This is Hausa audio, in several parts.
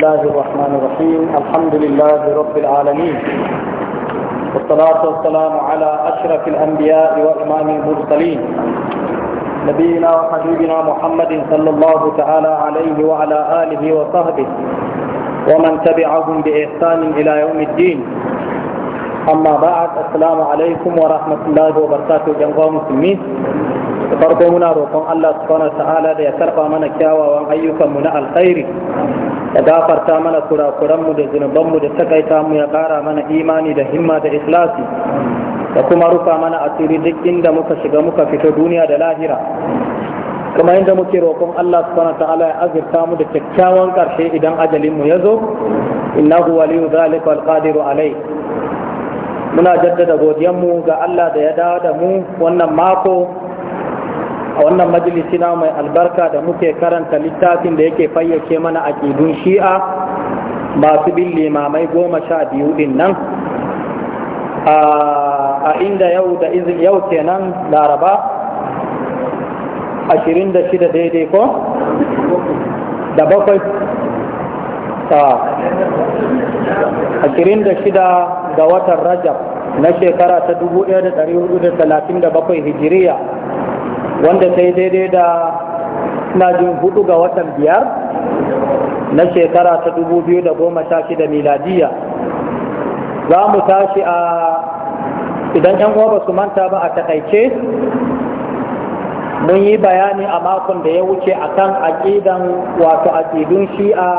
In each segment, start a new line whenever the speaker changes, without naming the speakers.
الله الرحمن الرحيم الحمد لله رب العالمين والصلاة والسلام على أشرف الأنبياء وإمام المرسلين نبينا وحبيبنا محمد صلى الله تعالى عليه وعلى آله وصحبه ومن تبعهم بإحسان إلى يوم الدين أما بعد السلام عليكم ورحمة الله وبركاته جنب المسلمين فرقمنا muna الله سبحانه وتعالى wa ta'ala da ya karba mana ya gafarta mana kurakuranmu da zunubanmu da takaita mu ya kara mana imani da himma da ikhlasi da kuma rufa mana asiri duk inda muka shiga muka fito duniya da lahira kuma inda muke roƙon Allah subhanahu ta'ala ya azurta mu da kyakkyawan ƙarshe idan ajalin mu yazo innahu waliyu zalika ƙadiru alai muna jaddada godiyan mu ga Allah da ya dawo da mu wannan mako a wannan majalisi na mai albarka da muke karanta littafin da yake fayyace mana a aƙidun shi'a masu bin limamai goma sha biyu din nan a inda yau da izin yau kenan laraba 26 daidai ko da bakwai ashirin da shida ga watan rajab na shekara ta 1437 hijiriya wanda sai daidai da na jin hudu ga watan biyar na shekara ta dubu biyu da goma sha shida miladiya za mu tashi a idan yan uwa ba su manta ba a takaice mun yi bayani a makon da ya wuce akan aƙidan wato aƙidun shi'a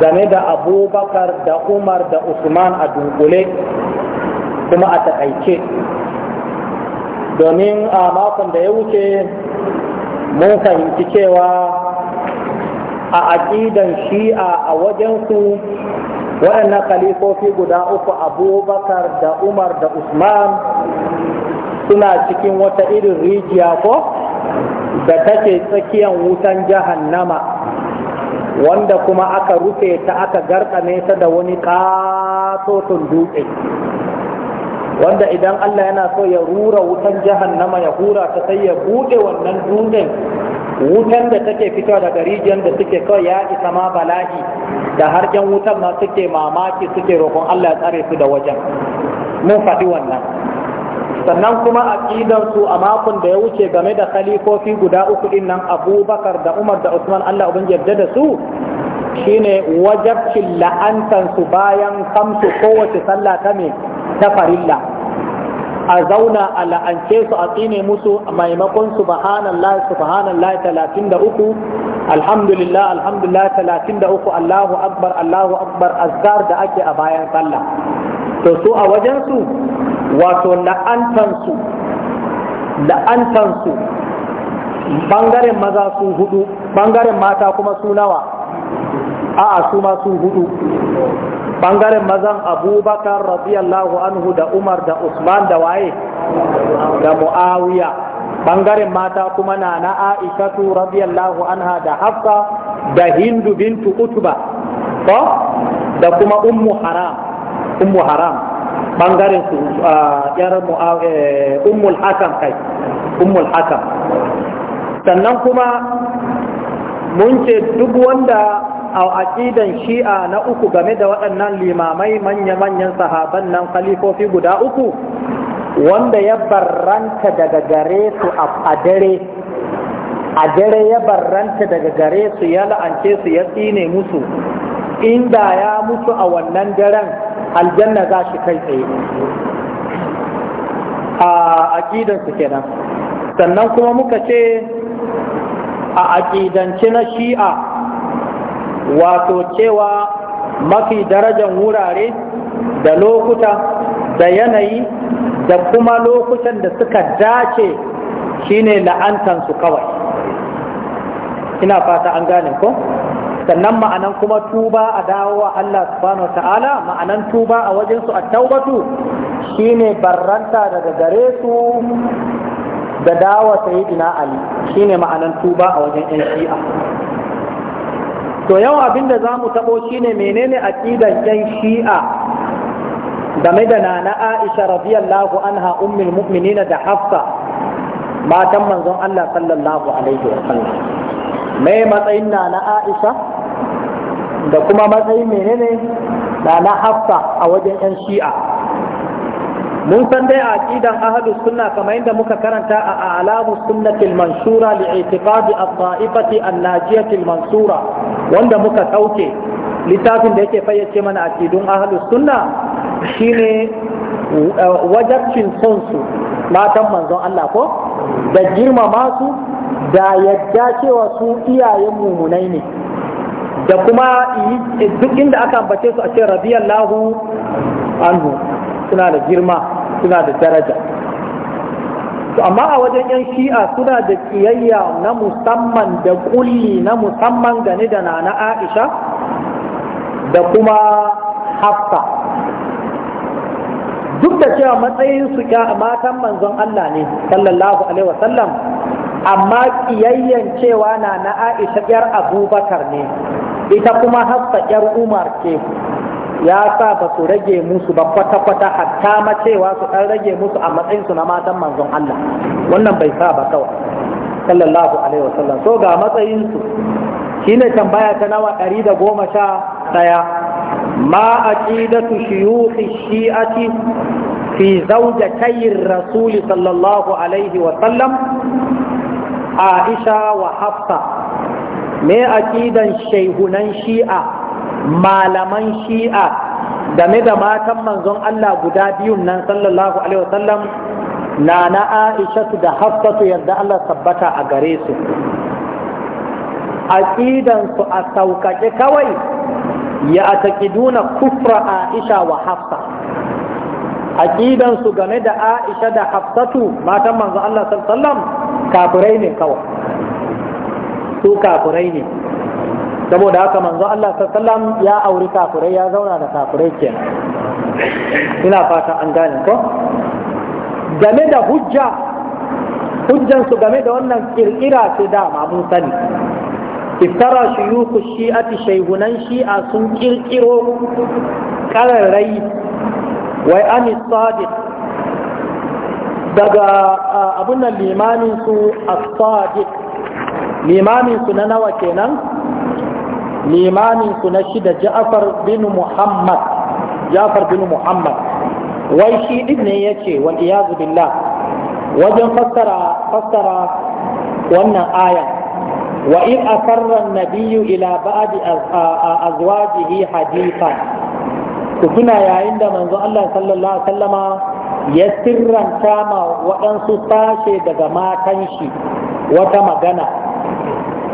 game da abubakar da umar da usman a dunkule kuma a takaice domin a makon da ya wuce mun fahimci cewa a aƙidan shi'a a wajensu waɗannan khalifofi guda uku abubakar da umar da usman suna cikin wata irin rijiya ko da take tsakiyar wutan jahannama wanda kuma aka rufe ta aka garkame ta da wani ƙatoton dutse wanda idan Allah yana so ya rura wutan jahannama ya hura ta sai ya bude wannan dutsen wutan da take fitowa daga rijiyar da suke kawai ya isa ma bala'i da har jan wutan ma suke mamaki suke roƙon Allah ya tsare su da wajen mun faɗi wannan sannan kuma a su a makon da ya wuce game da khalifofi guda uku din nan Abubakar da Umar da Usman Allah ubangiji yarda da su shine wajabcin la'antansu bayan kamsu kowace sallah ta me ta farilla a zauna a la'ance su a tsine musu maimakon subhanallah subhanallah talatin da uku alhamdulillah alhamdulillah talatin da uku allahu akbar allahu akbar azkar da ake a bayan sallah to su a wajensu wato la'antansu la'antansu bangaren maza su hudu bangaren mata kuma su nawa a'a su ma su hudu bangaren mazan abubakar radiyallahu anhu da umar da usman da waye da muawiya bangaren mata kuma na na aishatu radiyallahu anha da hafsa da hindu bintu utuba ko da kuma ummu haram ummu haram bangaren su yar eh, ummul hakam kai ummul hakam sannan kuma mun ce duk wanda a aqidan shi'a na uku game da waɗannan limamai manya-manyan sahaban nan kalifofi guda uku wanda ya barranta daga gare su a dare a dare ya barranta daga gare su ya la'ance su ya tsine musu inda ya mutu a wannan daren aljanna za shi kai tsaye a su kenan sannan kuma muka ce a aƙidanci na shi'a wato cewa mafi darajan wurare da lokuta da yanayi da kuma lokutan da suka dace shine la'antansu kawai ina fata an gane ko sannan ma'anan kuma tuba a dawowa Allah subhanahu wa ma'anan tuba a wajensu a taubatu shine barranta daga gare su da dawa sayidina ali shine ma'anan tuba a wajen yan shi'a to yau abinda za mu taɓo shine menene aƙidan yan shi'a game da nana aisha radiyallahu anha ummul mu'minina da hafsa matan manzon Allah sallallahu alaihi wa sallam me matsayin nana aisha da kuma matsayin menene nana hafsa a wajen yan shi'a mun san dai a aqidan ahlus sunna kamar yadda muka karanta a alamu sunnatil mansura li i'tiqadi at-ta'ifati an-najiyati mansura wanda muka sauke littafin da yake fayyace mana aqidun ahlus sunna shine uh, wajabcin son su matan manzon Allah ko da girmama su da yadda cewa su iyayen mumunai ne da kuma duk inda aka ambace su a ce radiyallahu anhu suna da girma suna da daraja to amma a wajen yan shi'a suna da kiyayya na musamman da kulli na musamman gane da na aisha da kuma hafsa duk da cewa matsayin su matan manzon Allah ne sallallahu alaihi wasallam amma kiyayyan cewa na na aisha yar abubakar ne ita kuma hafsa yar umar ce ya sa ba su rage musu ba kwata-kwata hatta ma cewa su ɗan rage musu a matsayinsu na matan manzon Allah wannan bai sa ba kawai sallallahu alaihi wa sallam. so ga matsayinsu shine tambaya ta nawa ɗari da goma sha ɗaya ma aqidatu shuyukhi shi'ati fi zawjatay rasuli sallallahu alaihi wa sallam Aisha wa Hafsa me a aqidan shaihunan shi'a malaman shi'a game da matan manzon Allah guda biyun nan sallallahu alaihi wasallam na na Aisha da Hafsatu yadda Allah tabbata a gare su aqidan su a sauƙaƙe kawai ya ataqiduna kufra Aisha wa Hafsa aqidan su game da Aisha da Hafsatu matan manzon Allah sallallahu alaihi wasallam kafirai ne kawai su kafirai ne saboda haka manzo Allah sallam ya auri kafurai ya zauna da kafurai kenan ina fata an gane ko game da hujja hujjansu game da wannan kirkira ce ma mun sani iftara shuyuku shi'ati shaihunan shi'a sun kirkiro kararrai wai ani sadiq daga abun nan limamin su as-sadiq limamin su na nawa kenan limamin su na shida Ja'far bin Muhammad Ja'far bin Muhammad wai shi din ne yace wal iyaz billah wajen fassara fassara wannan aya wa in asarra nabiyyu ila ba'd azwajihi hadithan
ku tuna yayin
da manzo Allah sallallahu alaihi wasallama ya sirranta ma waɗansu sashe daga matan shi wata magana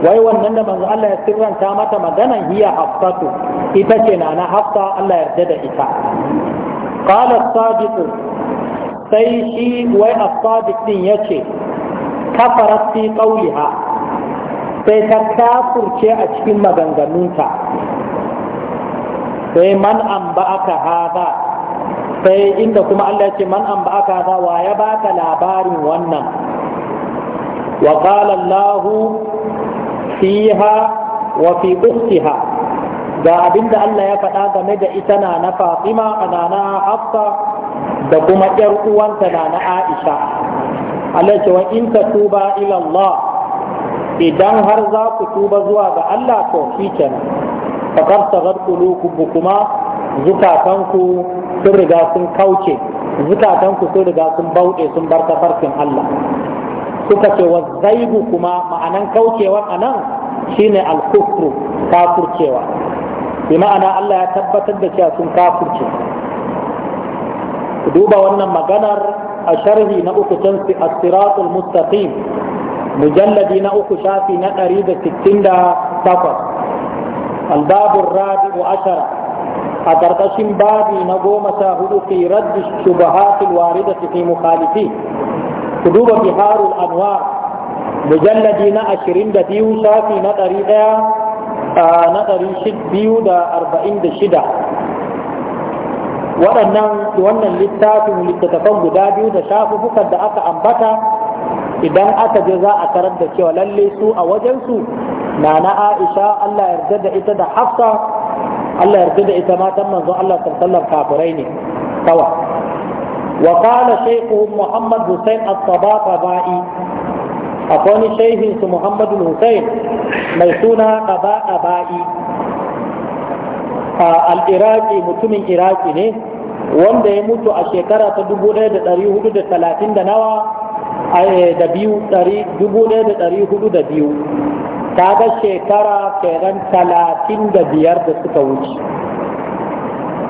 wai wannan da manzo Allah ya sirranta mata magana hiya hafsatu ita ce na na hafsa Allah yarda da ita qala sadiq sai shi wai as-sadiq din yace kafarat fi qawliha sai ta kafurce a cikin maganganunta sai man an ba'aka haza sai inda kuma Allah ce man an ba'aka haza wa ya baka labarin wannan wa qala Allahu fiha wa fi ukhtiha ga abinda Allah ya faɗa game da ita na na Fatima na na Hafsa da kuma ƴar uwanta na na Aisha Allah ce wa in ila Allah idan har za ku tuba zuwa ga Allah to shikenan faqad sagat qulubukuma zukatanku sun riga sun kauce zukatanku sun riga sun bauɗe sun bar tafarkin Allah suka ce wa zaibu kuma ma'anan kaucewa a nan shine alkufru kafurcewa bi ma'ana Allah ya tabbatar da cewa sun kafurce duba wannan maganar a sharhi na uku can as-siratul mustaqim mujalladi na uku shafi na 168 al albabun rabi'u ashara a karkashin babi na goma sha hudu fi raddi shubahatil warida fi mukhalifi ku duba biharul anwa, mujalladi na ashirin da biyu safi na ɗari ɗaya na ɗari biyu da arba'in da shida waɗannan wannan littafin littattafan guda biyu da shafukan da aka ambata idan aka je za a tarar da cewa lalle su a wajensu na na aisha allah yarda da ita da hafsa allah yarda da ita matan manzon allah sallallahu kafirai ne kawai وقال شيخهم محمد حسين الطباطبائي أخواني شيخ محمد الحسين ميسونا طباطبائي العراقي متمن عراقي ne wanda ya mutu a shekara ta 1430 da nawa da biyu biyu shekara kenan talatin da biyar da suka wuce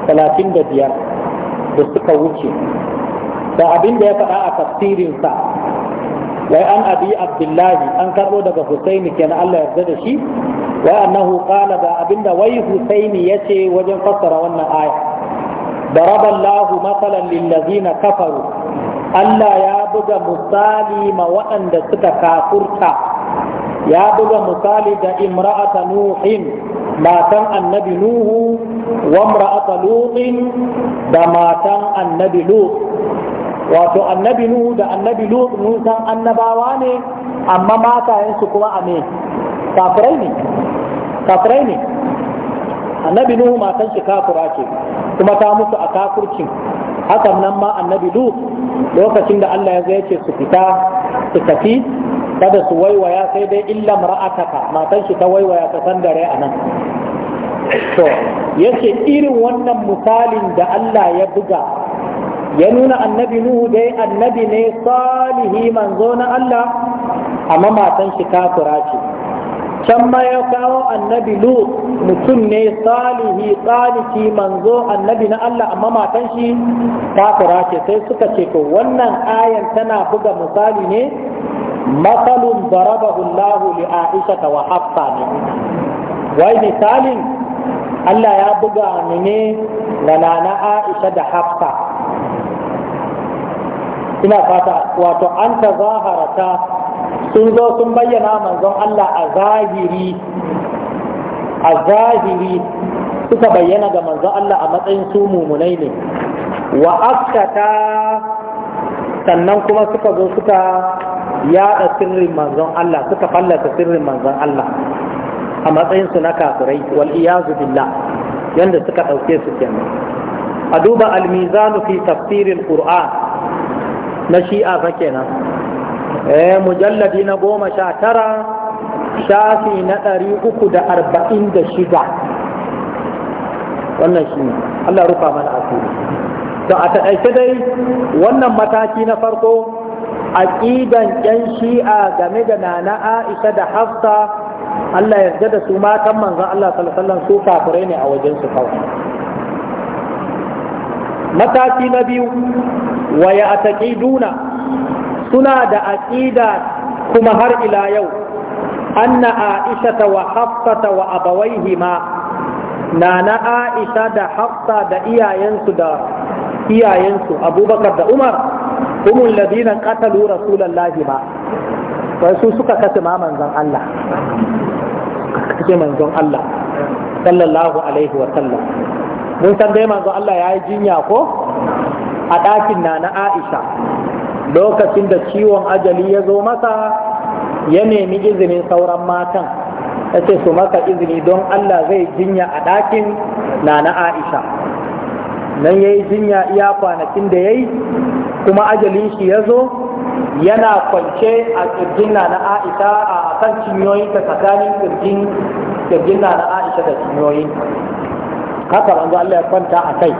talatin da biyar da suka wuce da abin da ya faɗa a tafsirinsa wai an abi abdullahi an karɓo daga husaini na Allah yarda da shi wai annahu qala da abin da wai husaini ce wajen fassara wannan aya da raballahu mathalan lil na kafaru Allah ya buga misali ma waɗanda suka kafurta ya buga misali da imra'ata nuhin matan annabi nuhu wa imra'ata lutin da matan annabi lut wato annabi nuhu da annabi lut annabawa ne amma matayensu kuma a ne kafirai ne annabi nuhu matan shi kafira ce kuma ta mutu a kafircin hakan nan ma annabi lut lokacin da Allah ya zai ce su fita su tafi kada su waiwaya sai dai illan ra'ataka matan shi ta waiwaya ta san dare a nan to yace irin wannan misalin da Allah ya buga ya nuna annabi nuhu dai annabi ne salihi manzo na Allah amma matan shi kafira ce can ma ya kawo annabi lut mutum ne salihi tsaliki manzo annabi na Allah amma matan shi kafira ce sai suka ce to wannan ayan tana buga misali ne matsalun darabahu Allah li Aisha wa Hafsa ne wai misalin Allah ya buga ne ga nana Aisha da Hafsa ina fata wato an ta zaharata sun zo sun bayyana manzon Allah a zahiri a zahiri suka bayyana ga manzon Allah a matsayin su mumunai ne wa aftata sannan kuma suka zo suka yada sirrin manzon Allah suka fallata sirrin manzon Allah a matsayin su na kafirai wal iyazu billah yanda suka dauke su kenan a duba al-mizanu fi tafsiril qur'an na shi'a fa kenan eh mujalladi na goma sha tara shafi na ɗari uku da arba'in da shida wannan shi Allah rufa mana asiri to a taƙaice dai wannan mataki na farko a ƙidan ƴan shi'a game da nana Aisha da Hafsa Allah yarda da su matan manzon Allah sallallahu alaihi wasallam su kafirai ne a wajen su kawai mataki na biyu wa duna suna da aƙida kuma har ila yau an na aisha ta wa Hafsa ta wa Abawai na na aisha da hafsa da iyayensu da iyayensu abubakar da umar humul ladina qatalu rasulullahi ba wasu suka kace ma manzon Allah kace manzon Allah sallallahu alaihi wa sallam mun san dai manzon Allah yayi jinya ko a ɗakin na na aisha lokacin da ciwon ajali ya zo masa ya nemi izinin sauran matan ta ce su maka izini don allah zai jinya a ɗakin na na aisha nan ya yi jinya iya kwanakin da ya yi kuma ajalin shi ya zo yana kwance a kirjin na na aisha a kan cinyoyin ta tsakanin kirjin kirjin na na aisha da cinyoyin haka manzo allah ya kwanta a kai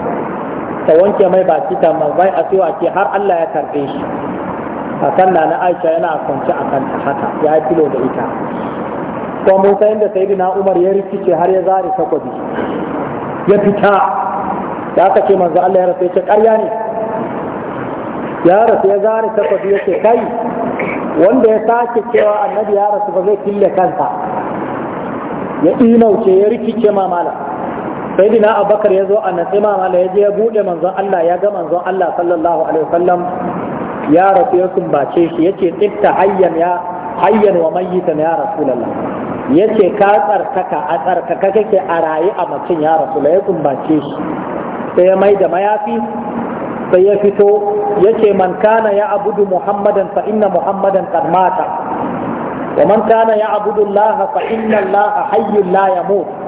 ta wanke mai baki ta bai a cewa ke har Allah ya karbe shi hakan na na Aisha yana kwance a kan haka ya yi filo da ita Kuma Musa yadda da na Umar ya rikice har ya zare sakwabi ya fita ya aka ce manzo Allah ya rasu ya ce karya ne ya rasu ya zare sakwabi ya ce kai wanda ya sake cewa annabi ya rasu ba zai kille kansa ya inauce ya rikice mamala sai dina abakar ya zo a natsi mamala ya je ya buɗe manzon Allah ya ga manzon Allah sallallahu alaihi wasallam ya rasu ya sumbace shi ya ce tsifta hayyan ya hayyan wa mayyitan ya rasulallah ya ce ka tsarkaka a tsarkaka kake a raye a mutum ya rasula ya sumbace shi sai ya mai da mayafi sai ya fito ya ce man kana ya abudu muhammadan fa inna muhammadan qad mata wa man kana ya abudu allaha fa inna allaha hayyun la yamut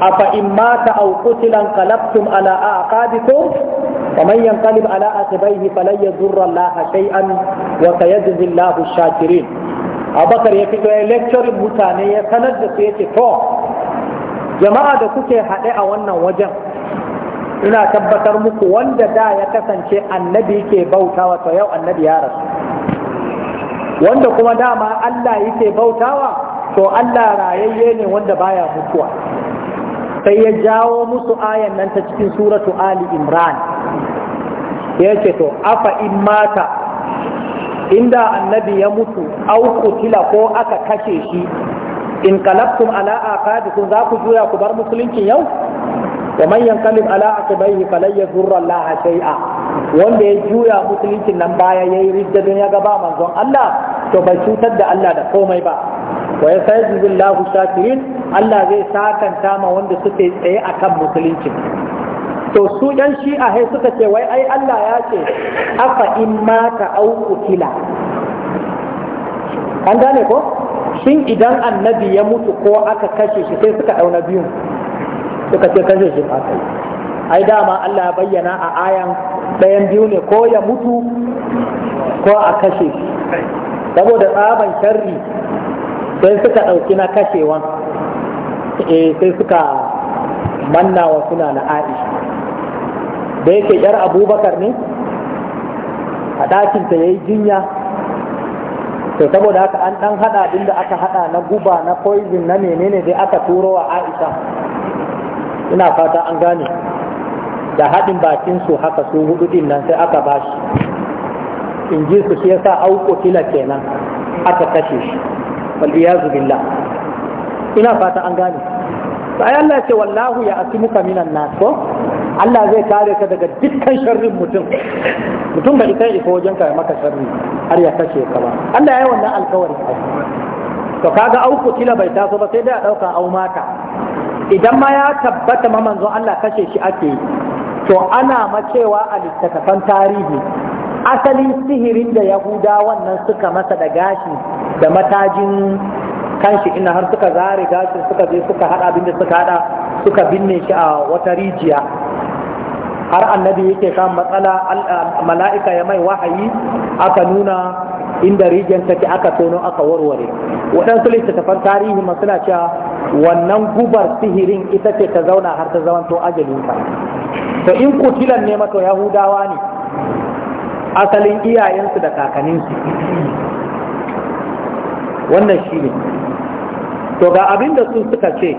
afa in mata aw qutilan qalabtum ala aqabikum wa man yanqalib ala atbaihi falan yadurra Allah shay'an wa sayajzi Allah ash-shakirin Abubakar ya fito ya lecture mutane ya sanar da su yace to jama'a da kuke haɗe a wannan wajen ina tabbatar muku wanda da ya kasance annabi ke bautawa to yau annabi ya rasu wanda kuma dama Allah yake bautawa to Allah rayayye ne wanda baya mutuwa sai ya jawo musu ayan nan ta cikin suratu ali imran ya ce to afa in mata inda annabi ya mutu au kutila ko aka kashe shi in kalabtum ala aqabikum za ku juya ku bar musulunci yau wa man yanqalib ala aqibaihi falan yadurra Allah shay'a wanda ya juya musulunci nan baya yayi ridda don ya ga ba manzon Allah to bai cutar da Allah da komai ba wa yasayyidu Allahu shakirin Allah zai sakanta ma wanda suke tsaye a kan musulunci to su ɗan a hai suka ce wai ai Allah ya ce afa in mata au kutila an gane ko shin idan annabi ya mutu ko aka kashe shi sai suka ɗauna biyun suka ce kashe shi ba kai ai dama Allah ya bayyana a ayan ɗayan biyu ne ko ya mutu ko a kashe shi saboda tsaban sharri sai suka ɗauki na kashewan eh sai suka manna wa suna na aisha da yake yar abubakar ne a ɗakinta ya yi jinya to saboda haka an ɗan haɗa ɗin da aka haɗa na guba na poison na menene dai aka turo wa aisha ina fata an gane da haɗin bakin su haka su hudu din nan sai aka bashi in ji su shi yasa auko kila kenan aka kashe shi wal billah ina fata an gane sai Allah ce wallahu ya asimuka minan nas ko Allah zai kare ka daga dukkan sharrin mutum mutum bai kai iko wajen ka maka sharri har ya kashe ka ba Allah ya yi wannan alkawari to kaga auku kila bai taso ba sai dai a dauka au mata idan ma ya tabbata ma manzo Allah kashe shi ake yi to ana macewa a littattafan tarihi asalin sihirin da yahuda wannan suka masa da gashi da matajin kanshi ina har suka zare gashin suka je suka hada abin da suka hada suka binne shi a wata rijiya har annabi yake kan matsala mala'ika ya mai wahayi aka nuna inda rijiyar take aka tono aka warware waɗansu littattafan tarihi masu na cewa wannan gubar sihirin ita ce ta zauna har ta zamanto ajalinka to in kutilan ne mato yahudawa ne asalin iyayensu da kakanninsu wannan shi ne to ga abin da sun suka ce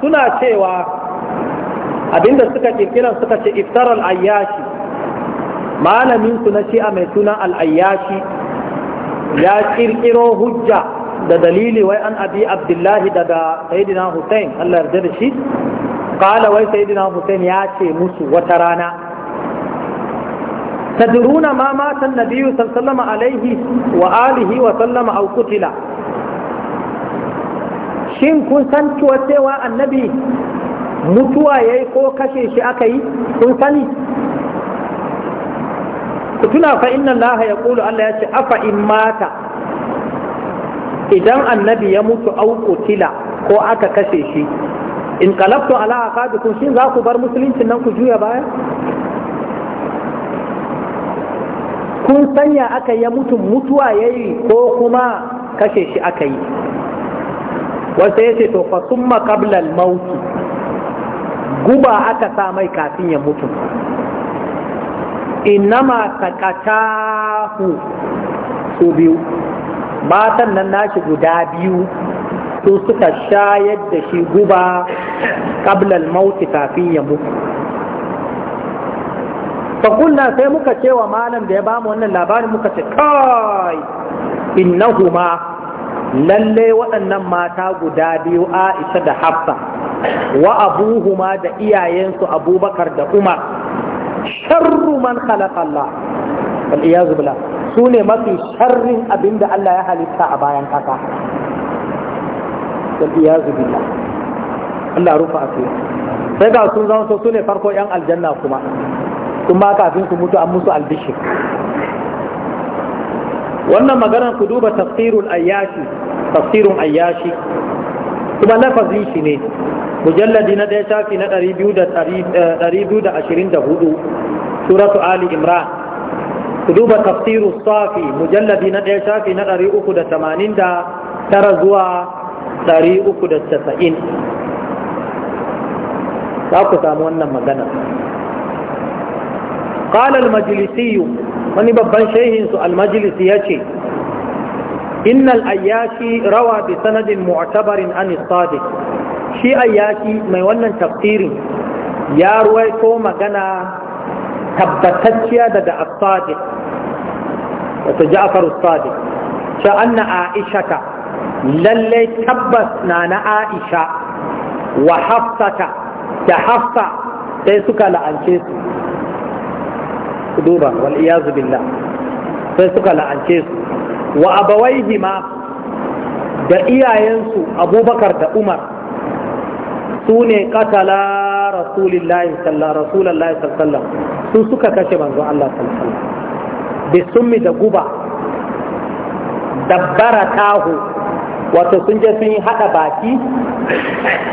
suna cewa abin da suka kirkira suka ce iftar al'ayyashi malamin su na shi'a mai suna al'ayyashi ya kirkiro hujja da dalili wai an abi abdullahi daga sayidina hussein allah yarda da shi kala wai sayidina hussein ya ce musu wata rana تدرون ما مات النبي صلى الله عليه وسلم عليه وآله وسلم أو قتل shin kun san cewa annabi mutuwa ya yi ko kashe shi aka yi kun sani ku tuna fa inna Allah ya kulu Allah ya ce idan annabi ya mutu ko aka kashe shi in kalabtu ala aqabikum shin za ku bar musuluncin nan ku juya baya kun sanya aka ya mutu mutuwa ya yi ko kuma kashe shi aka yi wata ya ce to fa summa qabla mauti guba aka sa mai kafin ya mutu innama sakatahu su biyu matan nan nashi guda biyu su suka shayar da shi guba ƙablar mauti kafin ya mutu fakulna sai muka ce wa malam da ya bamu wannan labarin muka ce kai innahuma lalle waɗannan mata guda biyu Aisha da Hafsa wa abuhuma da iyayensu Abubakar da Umar sharru man khalaqa Allah wal iyaz billah sune mafi sharrin abinda Allah ya halitta a bayan kaka. wal iyaz billah Allah rufa asiri sai ga sun zama so sune farko yan aljanna kuma kuma kafin su mutu an musu albishir wannan maganar ku duba tafsirul ayyashi tafsirun ayyashi kuma lafazin shi ne mujalladi na ɗaya shafi na 224 eh, suratu ali imran ku duba tafsiru safi mujalladi na ɗaya shafi na 389 zuwa 390 za ku samu wannan maganar قال المجلسي wani babban shehinsu almajilis ya ce إن الأياشي روى بسند معتبر عن الصادق شي أياشي ما يولن تفسير يا رويتو مغنى تبتتشيا دد الصادق وتجعفر الصادق شأن عائشة للي تبسنا عائشة وحفصة تحفصة تيسك لأنشيسك ku duba wal iyazu billah sai suka la'ance su wa abawaihi ma da iyayensu abubakar da umar su ne katala rasulillahi rasulallahi sallallahu su suka kashe manzo Allah sallallahu bi summi da guba dabbara tahu wato sun je sun yi hada baki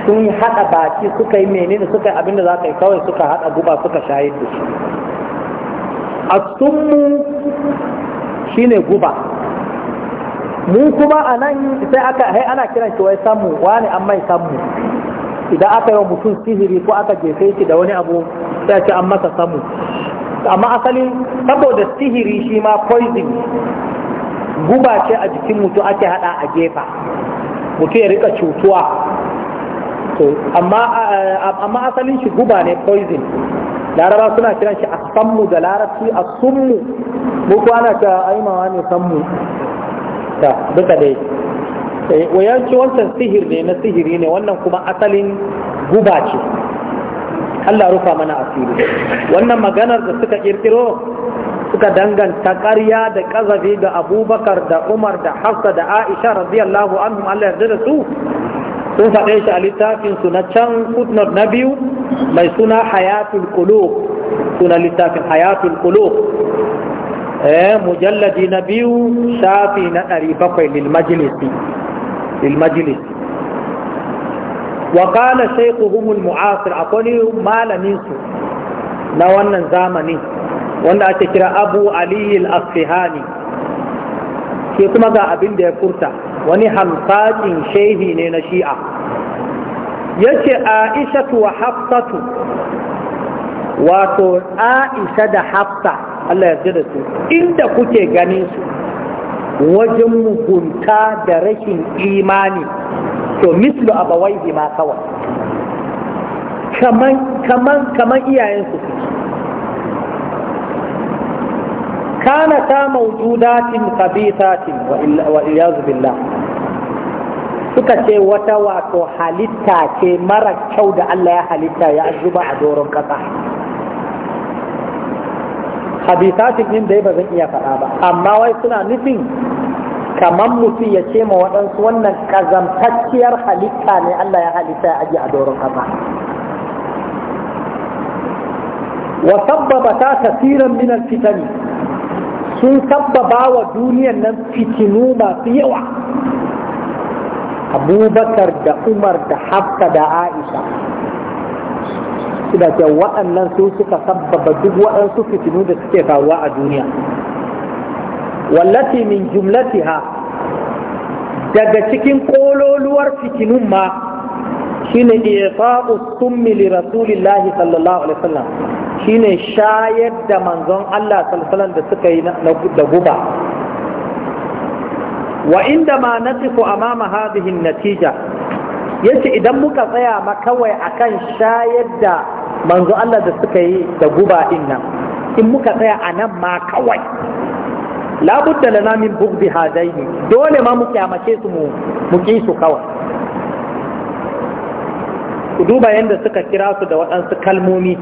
sun yi hada baki suka yi menene suka yi abinda za ka yi kawai suka hada guba suka shahid da shi asummu shine guba mu kuma a nan sai aka hai ana kiran shi wai sammu wani an mai sammu idan aka yi mutum sihiri ko aka jefe shi da wani abu sai ce an masa samu. amma asali saboda sihiri shi ma poison guba ce a jikin mutum ake hada a gefa mutum ya rika cutuwa amma asalin shi guba ne poison laraba suna kiran shi asammu da larabci a sunmu mu kwana ka aimawa ne sammu ta duka dai eh, wayanci wancan sihir ne na sihiri ne wannan kuma asalin guba ce Allah rufa mana asiri wannan maganar da suka kirkiro suka danganta ƙarya da ƙazafi ga abubakar da umar da hafsa da aisha radiyallahu anhum Allah yarda da su sun faɗe shi a littafinsu na can footnote na biyu mai suna hayatul qulub suna littafin hayatul qulub eh mujalladi na biyu shafi na ɗari bakwai lil majlisi lil majlisi wa qala shaykhuhum al mu'asir akwai malamin su na wannan zamani wanda ake kira Abu Aliyu al-Asfihani ke kuma ga abin da ya furta wani hamfatin shehi ne na shi'a yace aishatu wa haftatu wato aisha da hafta Allah ya da su inda kuke ganin su wajen mugunta da rashin imani to mislu abawaihi ma kawai kaman iyayen su. iyayensu kanata maujudatin kabitatin wa iyazu billah suka ce wata wato halitta ce mara kyau da Allah ya halitta ya zuba a doron ƙasa, habitatin din da ba zan iya faɗa ba amma wai suna nufin kamar mutum ya ce ma waɗansu wannan ƙazamtacciyar halitta ne Allah ya halitta ya aji a doron ƙasa, wa sabbaba ta tasirin minar fitani. sun sabbaba wa duniyan nan fitinu masu yawa abubakar da umar da Hafka da aisha suna ce waɗannan sun suka sabbaba duk waɗansu fitinu da suke faruwa a duniya wallati min jumlatiha daga cikin kololuwar fitinun ma shine ifa'u summi li rasulillahi sallallahu alaihi wasallam shine shayar da manzon Allah salsalan da suka yi da guba wa inda ma nasifu amama hadihin natija yace idan muka tsaya ma kawai akan shayar da manzon Allah da suka yi da guba in nan in muka tsaya a nan ma kawai da lana min bugdi hadaini dole ma mu kyamace su mu mu su kawai ku duba yadda suka kira su da waɗansu kalmomi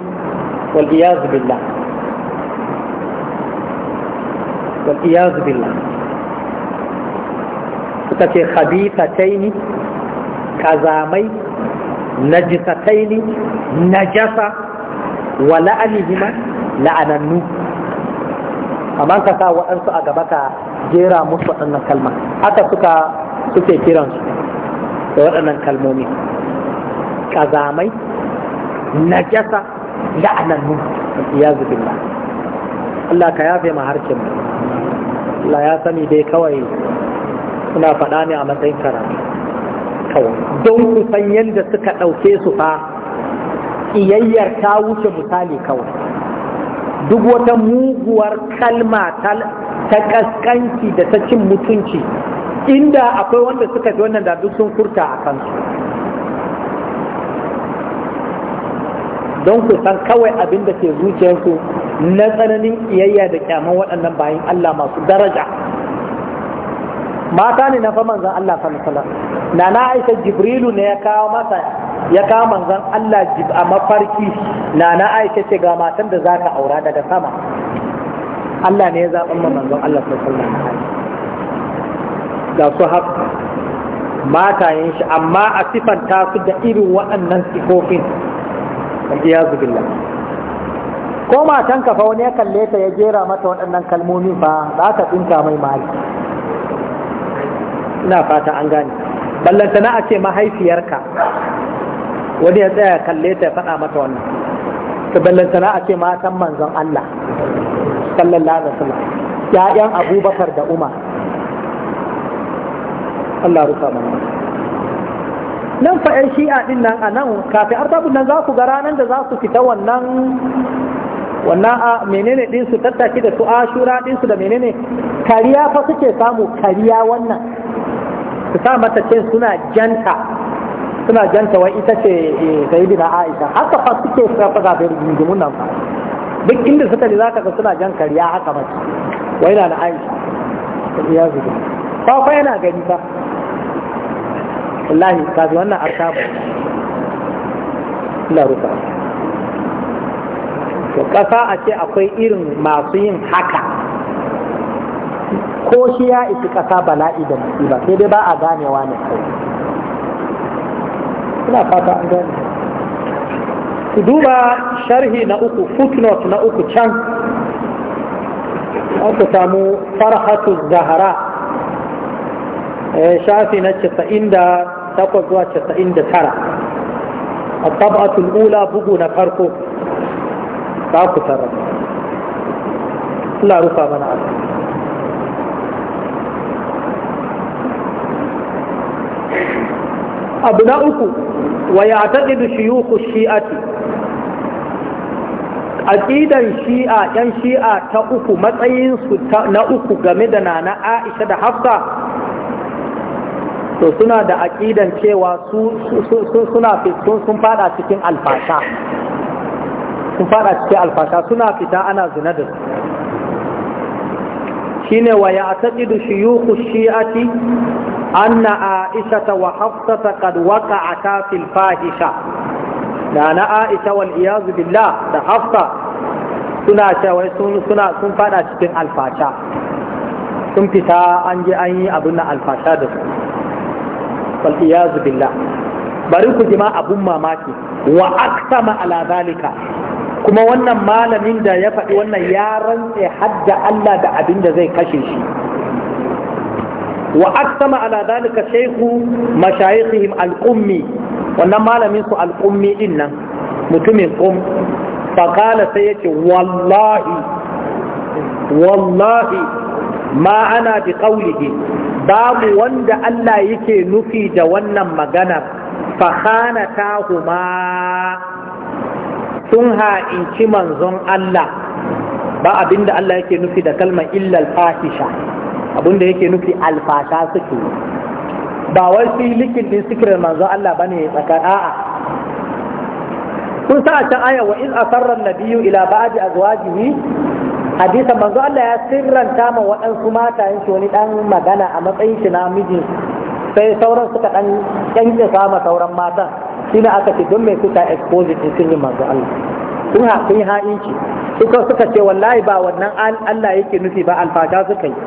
wal iyaz billah wal iyaz billah suka ce khabithataini kazamai najisataini najasa wa la'anihima la'anannu amma ka sa waɗansu a gaba ka jera musu waɗannan kalma haka suka suke kiransu da waɗannan kalmomi kazamai najasa la'anan mu ya zubilla Allah ka yafe ma harkin Allah ya sani dai kawai suna faɗa ne a matsayin karatu kawai don ku san yadda suka ɗauke su fa iyayyar ta wuce misali kawai duk wata muguwar kalma ta kaskanci da ta cin mutunci inda akwai wanda suka ji wannan da duk sun furta a kansu don ku san kawai abin da ke zuciyarsu na tsananin iyayya da kyaman waɗannan bayan Allah masu daraja mata ne na fa manzan Allah sallallahu na na aisha jibrilu ne ya kawo mata ya kawo manzan Allah a mafarki na na aisha ce ga matan da za ka aura daga sama Allah ne ya zaɓa ma manzan Allah sallallahu ga su haka matayen shi amma a sifanta su da irin waɗannan sifofin zubi billah ko matan ka fa wani ya kalle ta ya jera mata waɗannan kalmomi fa za ka tsinka mai mali ina fata an gane ballanta na a ce mahaifiyarka wani ya tsaya kalle ta ya faɗa mata wannan ta ballanta na a ce matan manzon Allah sallallahu alaihi wasallam ya'yan Abubakar da Umar Allah rufa mana nan fa yan shi'a din nan a nan kafin artabun nan za ku ga ranar da za su fita wannan wannan a menene din su tattaki da su ashura din su da menene kariya fa suke samu kariya wannan su sa mata ce suna janta suna janta wai ita ce eh, sayyidina Aisha haka fa suke ga da rigingimun nan fa duk inda suka ji zaka ga suna jan kariya haka mace wai na Aisha ya zuba fa fa yana gani fa wallahi kaji wannan arkabu Allah rufa to kasa a ce akwai irin masu yin haka ko shi ya isi kasa bala'i da musiba sai dai ba a ganewa ne kai ina fata an gane ku duba sharhi na uku footnote na uku can ku samu farhatu zahara eh, shafi na 90 takwas zuwa casa'in da tara a tab'atul ula bugu na farko za ku tara rufa mana abu na uku wa ya taɗi shiyuku shi'ati aƙidan shi'a ‘yan shi'a ta uku matsayinsu na uku game da nana aisha da hafsa to suna da aƙidan cewa sun fada cikin alfasha sun fada cikin alfasha suna fita ana zina da su shine wa ya taƙidu shiyuku shi'ati Aisha ta wa hafsata qad waqa'ata fil fahisha da na aisha wal iyazu billah da hafsa suna cewa sun fada cikin alfasha sun fita an an yi abin alfasha da su wal billah bari ku jima abun mamaki wa aksama ala zalika kuma wannan malamin da ya faɗi wannan ya rantse hadda Allah da abin da zai kashe shi wa aksama ala zalika shaykhu mashayikhihim al-ummi wannan malamin su al-ummi din nan mutumin qum faqala sai yace wallahi wallahi ma ana bi qawlihi babu wanda Allah yake nufi da wannan magana fahana ta kuma sun ha'inci manzon Allah ba abinda Allah yake nufi da kalmar illal fahisha abinda yake nufi alfasha suke ba wai su yi likin din sikirar manzon Allah ba ne tsakar a'a kun sa a can aya wa iz asarra nabiyyu ila ba'di azwajihi hadisa manzo Allah ya sirranta ma waɗansu matayen shi wani ɗan magana a matsayin shi na mijin sai sauran suka ɗan yanke sama sauran matan shi ne aka ce don mai kuka expose in sirrin manzo Allah sun ha kun ha'inci suka suka ce wallahi ba wannan Allah yake nufi ba alfata suka yi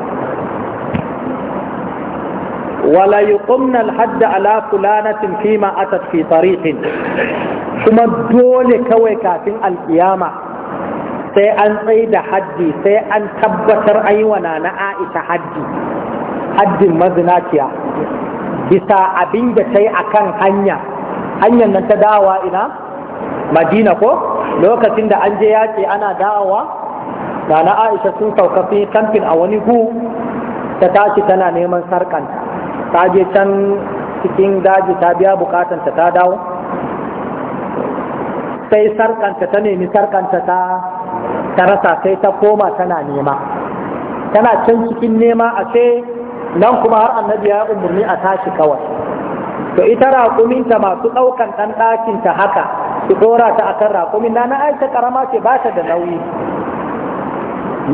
wala yuqimna al-hadd ala fulanatin fima atat fi tariqin kuma dole kawai kafin alkiyama sai an tsaye da haddi sai an tabbatar aiwana na aisha haddi haddin mazinaciya bisa abin da ta yi a kan hanya hanyar nan ta dawa ina madina ko lokacin da an je yaƙi ana dawa na na aisha sun sauka sun yi kamfin a wani hu ta tashi tana neman sarƙanta ta je can cikin daji ta biya bukatanta ta dawo sai sarkanta ta nemi sarkanta ta ta rasa sai ta koma tana nema tana can cikin nema a ce nan kuma har annabi ya umarni a tashi kawai to ita raƙuminta masu ɗaukan ɗan ɗakinta haka su ɗora ta akan raƙumin na na aisha ƙarama ce ba ta da nauyi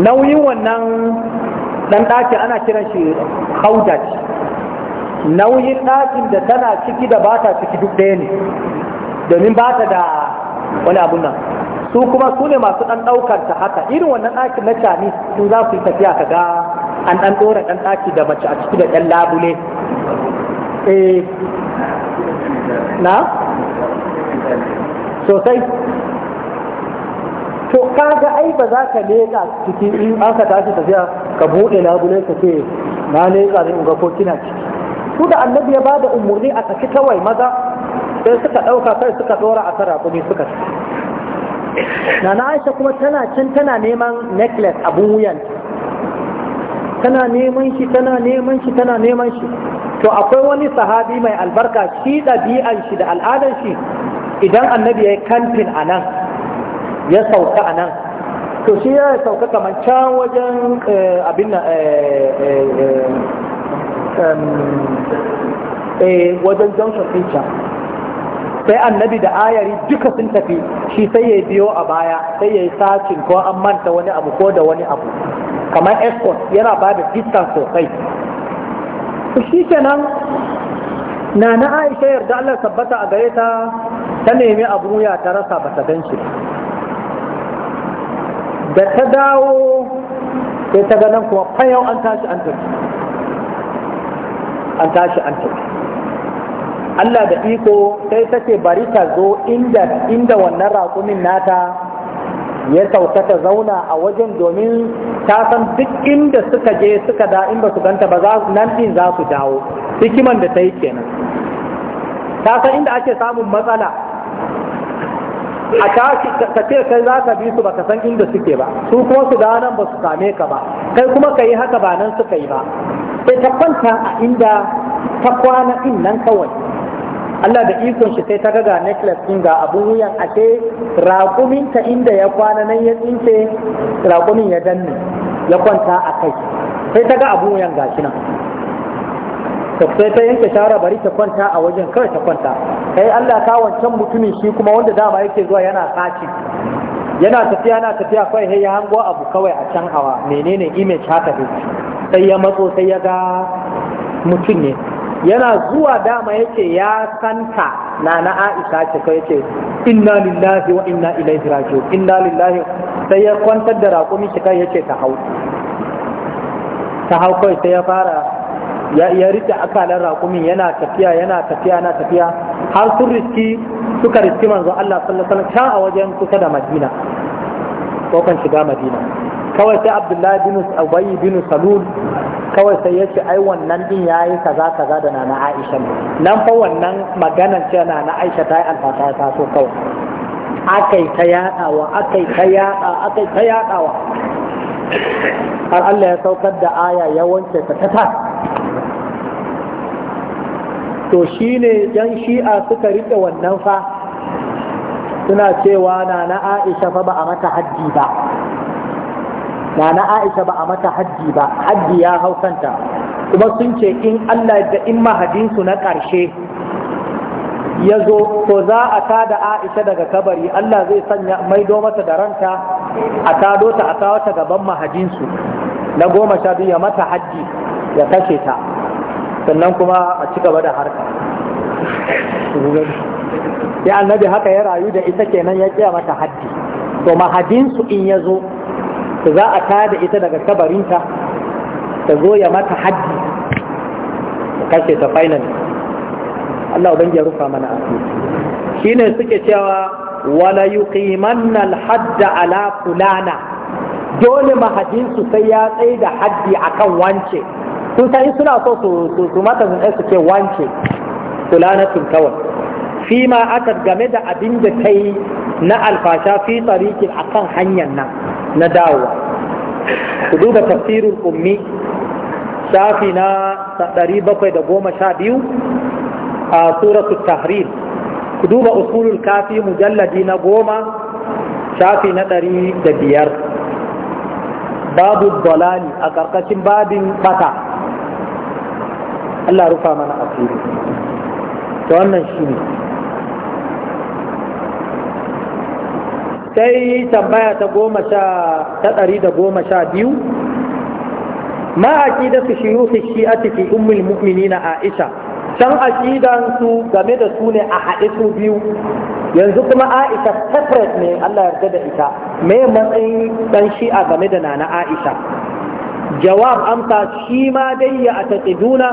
nauyin wannan ɗan ɗaki ana kiran shi haudat nauyin ɗakin da tana ciki da ba ta ciki duk ɗaya ne domin ba ta da wani abun nan su kuma su ne masu ɗan ɗaukar ta haka irin wannan ɗakin na cani su za su yi tafiya ka ga an ɗan ɗora ɗan ɗaki da mace a ciki da ɗan labule eh na sosai to kaga ai ba za ka leƙa ciki in an ka tashi tafiya ka buɗe labule ka ce na leƙa ne in ga ko kina ciki su da annabi ya bada umarni a saki kawai maza sai suka ɗauka kai suka ɗora a sarakuni suka ci nana aisha kuma tana can tana neman necklace abun wuyan tana neman shi tana neman shi tana neman shi to akwai wani sahabi mai albarka shi ɗabi'an shi da al'adar shi idan annabi ya yi kantin a nan ya sauka a nan to shi ya sauka kamar can wajen eh, abin na eh, eh, wajen johnson feature sai annabi da ayari duka sun tafi shi sai ya biyo a baya sai ya yi sacin ko an manta wani abu ko da wani abu kamar escort yana ba da distance sosai shi kenan na na aisha yarda Allah Sabbata a gare ta ta nemi abu ya ta rasa ba ta gan da ta dawo sai ta ganin kuma fayau an tashi an tafi an tashi an tafi Allah da iko sai ta ce bari ta zo inda inda wannan raƙumin nata ya sauka ta zauna a wajen domin ta san duk inda suka je suka da in ba su ganta ba za nan din za su dawo hikiman da ta yi kenan ta san inda ake samun matsala a tashi ce kai za ka bi su baka san inda suke ba su kuma su da nan ba su same ka ba kai kuma ka yi haka ba nan suka yi ba sai ta kwanta a inda ta kwana in nan kawai Allah da ikon shi sai ta ga necklace din ga abun wuyan ake raƙumin ta inda ya kwana nan ya tsince raƙumin ya danne ya kwanta a kai sai ta ga abun wuyan gashi nan to sai ta yanke shara bari ta kwanta a wajen kawai ta kwanta kai Allah ka wancan mutumin shi kuma wanda dama yake zuwa yana saci yana tafiya yana tafiya kai sai ya hango abu kawai a can hawa menene image haka dai sai ya matso sai ya ga mutum ne yana zuwa dama yake ya santa na na Aisha ce kai yake inna lillahi wa inna ilaihi raji'un inna lillahi sai ya kwantar da raƙumi shi kai yake ta hau ta hau kai sai ya fara ya ya rike akalan raƙumin yana tafiya yana tafiya yana tafiya har sun riski suka riski manzo Allah sallallahu alaihi wasallam a wajen kusa da Madina ko kan shiga Madina kawai sai abdullahi bin ubayi bin salul kawai sai ya ce ai wannan din ya yi kaza kaza da nana aisha nan fa wannan maganan ce nana aisha ta yi alfata ta so kawai akai ta yadawa akai ta yada akai ta yadawa har Allah ya saukar da aya ya wanke ta ta to shine yan shi'a suka rike wannan fa suna cewa nana aisha fa ba a mata haddi ba na na Aisha ba a mata hajji ba hajji ya hau kanta kuma sun ce in Allah da in mahadinsu na ƙarshe ya zo to za a da Aisha daga kabari Allah zai sanya maido mata da ranta a tado ta a kawo ta gaban mahadinsu na goma sha biyu ya mata hajji ya kashe ta sannan kuma a ci gaba da harka ya annabi haka ya rayu da ita kenan ya kiya mata haddi to mahadinsu in ya zo ta za a tada ita daga kabarinta ta zo ya mata haddi ta kashe ta final Allah ubangi ya rufa mana Shi ne suke cewa wala yi al-hadda ala fulana dole mahajin sai ya tsaye da haddi akan wance sun ta suna so su mata sun su wance fulanatun kawai fi ma aka game da abin da ta yi na alfasha fi tsarikin kan hanyar nan na dawowa ku duba tafsirin ummi shafi na 712 a suratu tahrir ku duba usulul kafi mujalladi na goma shafi na ɗari da biyar babu dalali a ƙarƙashin babin bata Allah rufa mana asiri ta wannan shi ne sai tambaya ta goma sha ta ɗari da goma sha biyu ma aƙida su shiru su shi a ciki ummul mu'mini na aisha can aƙidan su game da su ne a haɗe su biyu yanzu kuma aisha separate ne allah yarda da ita me matsayin ɗan shi'a game da nana aisha jawab amsa shi ma dai ya a taƙiduna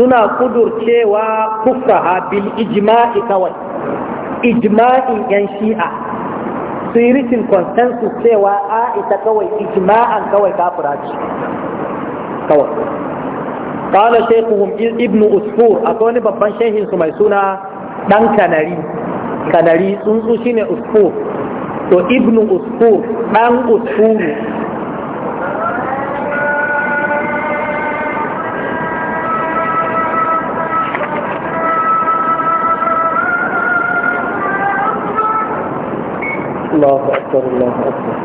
suna kudurcewa kufraha bil ijma'i kawai ijma'in yan shi'a spiritin consensus cewa a ita kawai ijma'an kawai kafira ce kawai kawai shekuhun ibn usfur a wani babban shehin su mai suna dan kanari kanari tsuntsu shine usfur to ibn usfur dan usfuru الله أكبر الله أكبر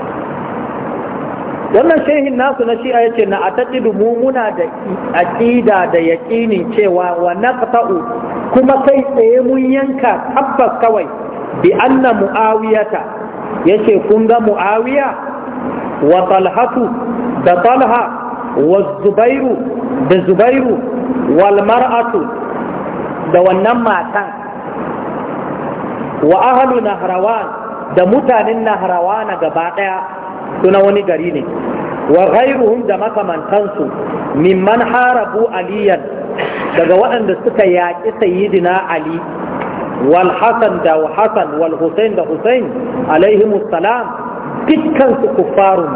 wannan shehin nasu na shi'a yace na a mu muna da aƙida da yaqinin cewa wa naqta'u kuma kai tsaye mun yanka tabbas kawai bi anna muawiyata yace kun ga muawiya wa talhatu da talha wa zubairu da zubairu wal mar'atu da wannan matan wa ahlu nahrawan da mutanen naharawana gaba ɗaya suna wani gari ne wa ghairuhum da makamantansu mimman harabu aliyan daga waɗanda suka yaƙi sayyidina ali wal hasan da hasan wal da husain alaihimus salam dukkan su kuffarun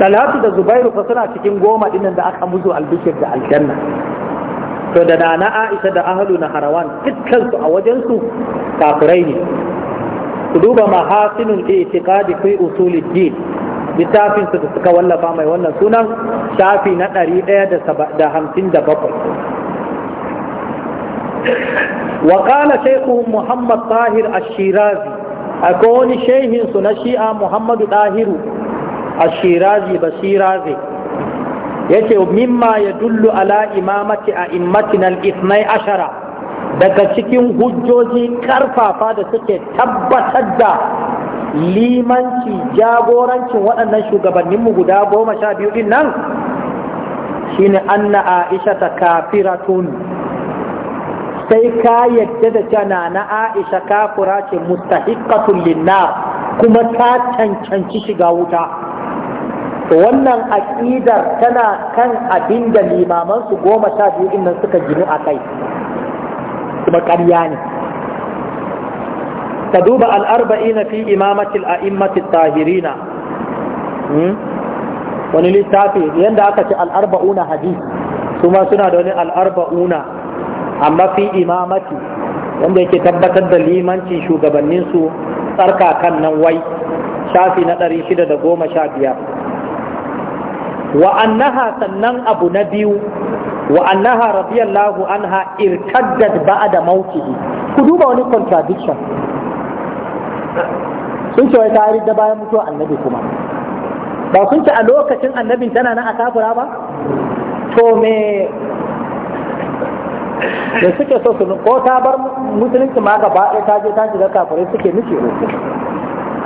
Talatu da Zubairu fa suna cikin goma ɗinnan da aka musu albishir da aljanna to da na aisha da ahalu na harawan dukkansu a wajensu kafirai ne ku duba ma hasinun ke itikadi fi usuli din littafin da suka wallafa mai wannan sunan shafi na ɗari ɗaya da hamsin da bakwai wa kala shaikhu muhammad tahir ashirazi a wani shaihinsu na shi'a muhammadu tahiru ashirazi ba shirazi yace mimma dullu ala imamati a immatinal ithnai ashara daga cikin hujjoji karfafa da suke tabbatar da limanci jagorancin waɗannan shugabanninmu guda goma sha biyu din nan shine anna aisha ta tun? sai ka yadda da jana na aisha kafura ce mustahiqatul linnar kuma ta cancanci shiga wuta to wannan aƙidar tana kan abin da su goma sha biyu ɗin nan suka ginu a kai kuma ƙarya ne Ta duba al'arba'ina fi imamatil a'immatil tahirina hmm? wani littafi yadda aka ce al'arba'una hadis su ma suna da wani al'arba'una amma fi imamati wanda yake tabbatar da limancin shugabanninsu tsarka kan nan wai shafi na ɗari shida da goma sha biyar wa annaha sannan abu na biyu wa annaha radiyallahu anha irtaddat ba'da mautihi ku duba wani contradiction sun ce wai ta da bayan mutuwa annabi kuma ba sun ce a lokacin annabin tana na a kafura ba to me da suke so su ko ta bar musulunci ma gaba ɗaya ta je ta shiga kafirai suke nufi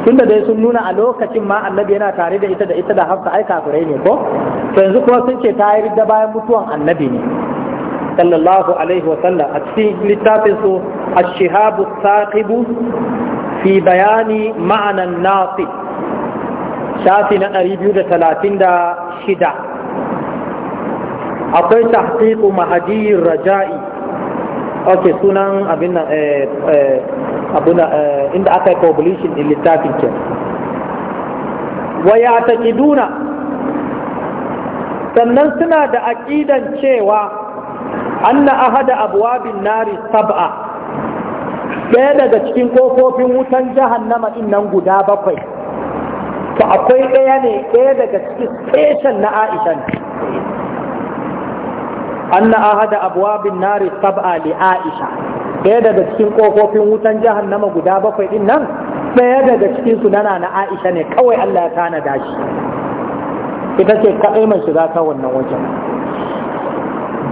tunda dai sun nuna a lokacin ma annabi yana tare da ita da ita da hafsa ai kafirai ne ko to yanzu kuma sun ce ta yi da bayan mutuwan annabi ne sallallahu alaihi wa sallam a cikin littafin su ash-shihabu saqibu fi bayani ma'ana nasi shafi na 236 akwai tahqiqu mahadi raja'i okay sunan abin nan eh, eh abuna eh, inda aka yi publishing din littafin ke waya ta kiduna sannan suna da aƙidan cewa an anna ahada abuwabin nari sab'a ɗaya daga cikin kofofin wutan jahannama din nan guda bakwai to akwai ɗaya ne ɗaya daga cikin special na Aisha anna ahada abuwabin nari sab'a li Aisha ɗaya daga cikin ƙofofin wutan jahannama guda bakwai ɗin nan ɗaya daga cikin su nana na Aisha ne kawai Allah ya tanada shi ita ce kaɗai mai shiga ta wannan wajen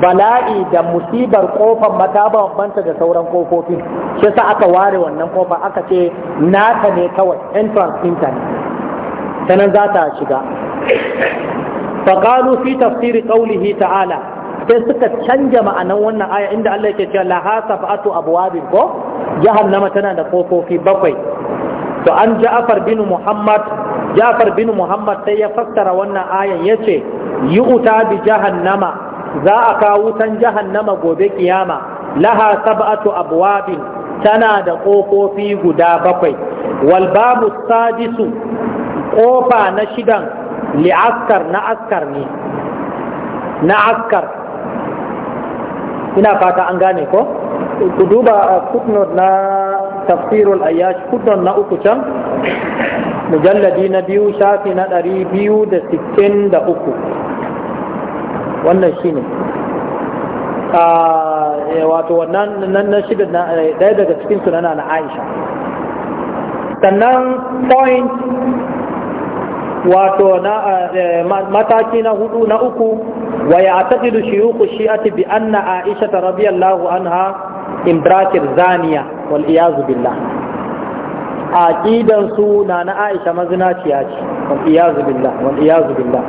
bala'i da musibar kofar mata banta da sauran kofofin shi sa aka ware wannan kofar aka ce nata ne kawai entrance ɗinta sanan za ta shiga faƙalu fi tafsiri ƙaulihi ta'ala sai suka canja ma'anan wannan aya inda Allah yake cewa laha sab'atu abwabin ko jahannama tana da kofofi bakwai to an Ja'far bin Muhammad Ja'far bin Muhammad sai ya fassara wannan ayan yace yu'ta bi jahannama za a kawo wutan jahannama gobe kiyama laha sab'atu abwabin tana da kofofi guda bakwai wal babu sadisu kofa na shidan li askar na askar ne na askar ina fata an gane ko ku duba uh, footnote na tafsirul ayyash footnote na uku can mujalladi na biyu shafi na ɗari biyu da sittin da uku wannan shi ne. Uh, eh, wato wannan nan na shida eh, ɗaya daga cikin sunana na aisha sannan point wato na uh, eh, mataki na hudu na uku ويعتقد شيوخ الشيعة بأن عائشة رضي الله عنها امرأة زانية والعياذ بالله عقيدا سونا أنا عائشة مزناتي والعياذ بالله والعياذ بالله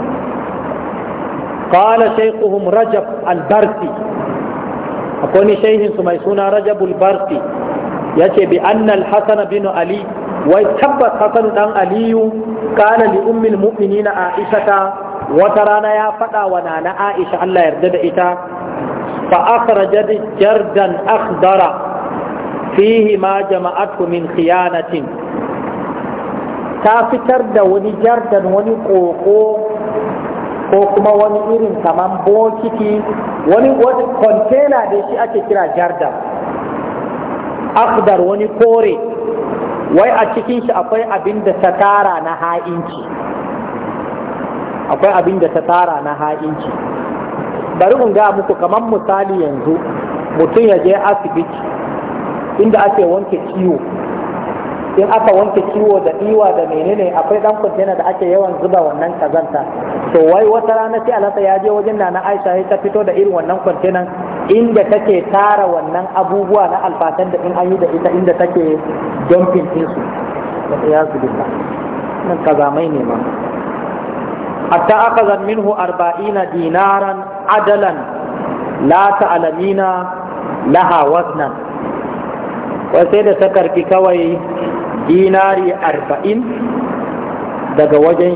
قال شيخهم رجب البرسي أقول شيخ سميسونا رجب البرسي يأتي بأن الحسن بن علي ويتبت حسن بن علي كان لأم المؤمنين عائشة wata rana ya faɗa wa nana Aisha Allah yarda da ita fa akhrajat jardan akhdara fihi ma jama'atu min khiyanatin ta fitar da wani jardan wani koko ko kuma wani irin kaman bokiti wani container da shi ake kira jardan akhdar wani kore wai a cikin shi akwai abin da ta tara na ha'inci akwai abin da ta tara na ha'inci bari in gaya muku kamar misali yanzu mutum ya je asibiti inda ake wanke ciwo in aka wanke ciwo da iwa da menene akwai ɗan kwantena da ake yawan zuba wannan kazanta to wai wata rana sai alasa ya je wajen na na aisha ya ta fito da irin wannan kwantenan inda take tara wannan abubuwa na alfatan da in an yi da ita inda take dumping ɗinsu ya zubi ba nan kazamai ne ma hatta akhadha minhu 40 dinaran adalan la ta'lamina laha waznan wai sai da ta karfi kawai dinari 40 daga wajen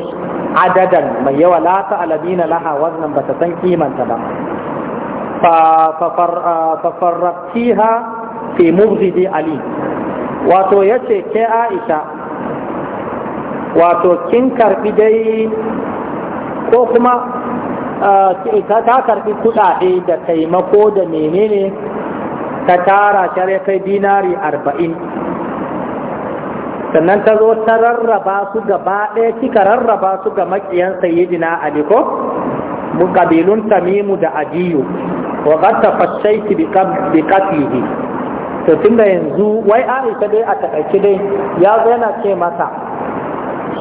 adadan mai yawa la ta'lamina laha waznan bata san kimanta ba fafarraktiha fi mubghidi ali wato yace ke aisha wato kin karɓi dai ko kuma ta karbi kuɗaɗe da taimako da menene ta tara shari'a kai dinari arba'in sannan ta zo ta rarraba su gaba ɗaya kika rarraba su ga makiyan sayidina aliko mu kabilun tamimu da ajiyu wa qad tafashaiti bi qatlihi to da yanzu wai aisha dai a takaice dai ya zo yana ce masa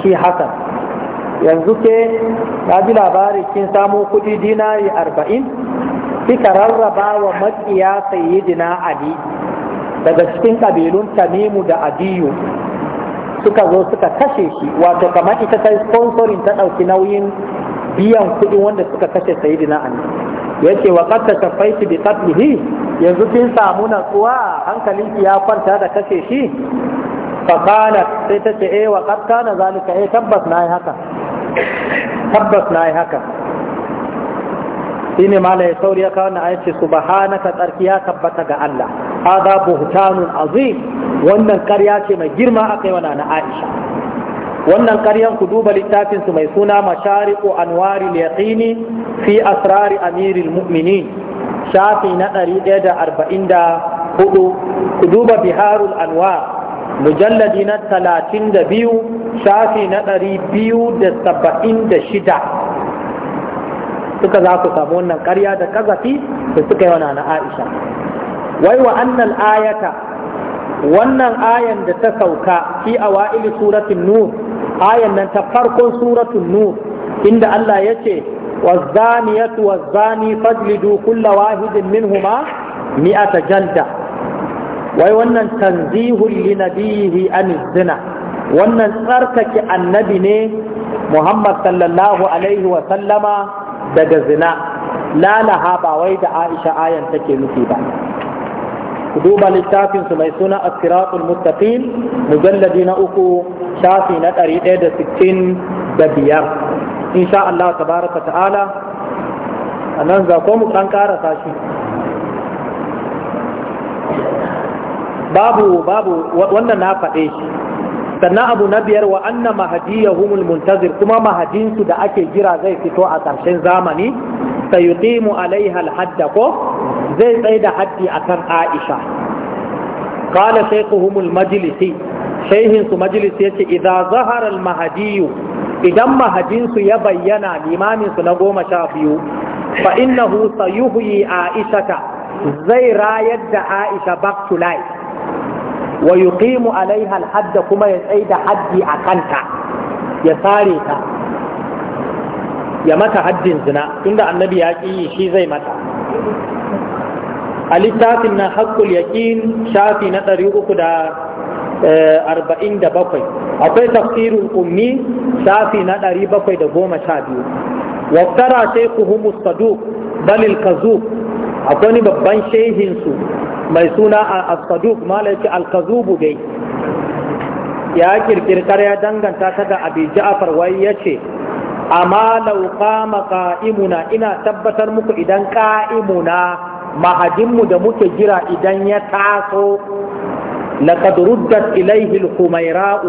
shi hasan yanzu ke na ji labari kin samo kudi dinari arba'in kika rarraba wa makiya sayyidina ali daga cikin kabilun tamimu da adiyu suka zo suka kashe shi wato kamar ita ta sponsorin ta ɗauki nauyin biyan kuɗi wanda suka kashe sayyidina ali ce, wa qad tashaffaitu bi qatlihi yanzu kin samu natsuwa hankalinki ya kwanta da kashe shi fa sai ta ce eh wa qad kana zalika eh tabbas nayi haka tabbas na yi haka shine mala ya sauri ya kawo na ayace subhanaka tsarki ya tabbata ga Allah hada buhtanun azim wannan karya ce mai girma akai wana na Aisha wannan karyan ku duba littafin su mai suna mashariqu anwari yaqini fi asrari amiril mu'minin shafi na 144 ku duba biharul anwar mujalladi na talatin da biyu shafi na ɗari biyu da saba'in da shida suka za ku samu wannan ƙarya da ƙazafi da suka yi na aisha wai wa annal ayata wannan ayan da ta sauka fi awa'ili suratun nur ayan nan ta farkon suratun nur inda Allah ya ce wazzaniyatu wazzani fajlidu kulla wahidin minhuma mi'ata jalda wai wannan tanzihul li nabihi an zina wannan tsarkake annabi ne Muhammad sallallahu alaihi wa sallama daga zina lalaha ba wai da Aisha ayan take nufi ba ku duba littafin su mai suna as-siratul mustaqim mujalladi na uku shafi na 165 insha Allah tabaraka ta'ala anan za ko mu kan karasa shi babu babu wannan na faɗe shi sannan abu na biyar wa ya humul muntazir kuma mahadinsu da ake jira zai fito a ƙarshen zamani sayuqimu alaiha hadda ko zai tsaye da haddi akan Aisha ku humul majlisi shaihinsu su majlisi yace idza zahara mahadiyu idan mahadinsu ya bayyana limamin su na goma sha biyu fa husa yuhuyi Aisha zai rayar da Aisha back to life wa yuqimu alaiha hadda kuma ya tsaida haddi a kanta ya sare ta ya mata haddin zina tunda annabi ya ƙi shi zai mata a littafin na haƙƙul yaƙin shafi na ɗari uku da eh, arba'in da bakwai akwai tafsirin ummi shafi na ɗari bakwai da goma sha biyu waftara sai ku humus balil kazu akwai ni babban shehinsu mai suna a asaduk malaki kazubu dai ya kirkirkar ya danganta ta ga abi ja'far wai yace ce amma law qama qa'imuna ina tabbatar muku idan qa'imuna mahadinmu da muke jira idan ya taso laqad ruddat ilayhi al khumayrau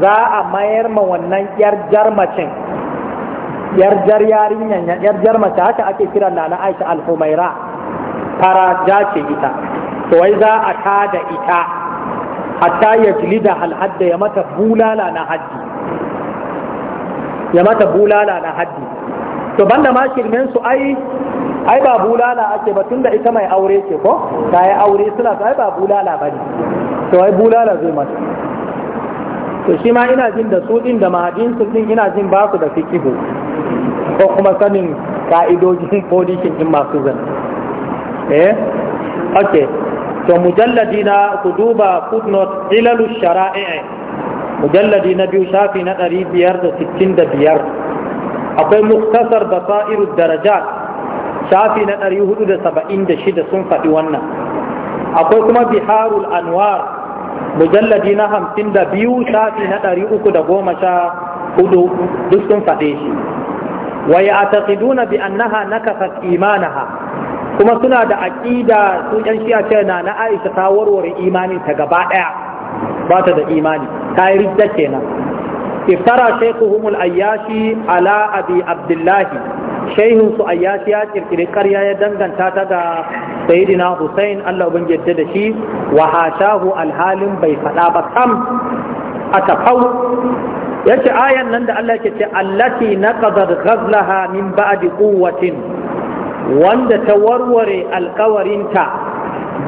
za a mayar ma wannan yar jarmacin yar jar yarinyan yar jarmace haka ake kira lana Aisha al-humayra' fara jace ita to wai za a ta da ita hatta ya jili jilida halhadda ya mata bulala na haddi ya mata bulala na haddi to banda ma shirmen su ai ai ba bulala ake ba tunda ita mai aure ce ko ta yi aure suna su ai ba bulala ba ne to ai bulala zai mata to shi ma ina jin da su din da mahadin su din ina jin ba su da fikihu ko kuma sanin ka'idojin kodishin din masu zan eh okay to mujalladi na ku duba footnote ilalu shara'i mujalladi na biyu shafi na 565 akwai muktasar basairu darajat shafi na 476 sun faɗi wannan akwai kuma biharul anwar mujalladi na 52 shafi na 314 duk sun faɗe shi wa ya bi annaha nakasat imanaha kuma suna da aƙida su yan shi'a ce na na Aisha ta warware imanin ta gaba daya ba ta da imani ta yi ridda kenan iftara shaykhuhum al-ayyashi ala abi abdullah shaykhun su ayyashi ya kirkire ƙarya ya danganta ta da sayyidina husain Allah ubin yadda da shi wa hashahu alhalin bai faɗa ba kam Atafau? yace ayan nan da Allah yake ce allati naqadar ghazlaha min ba'di quwwatin wanda ta warware alkawarinta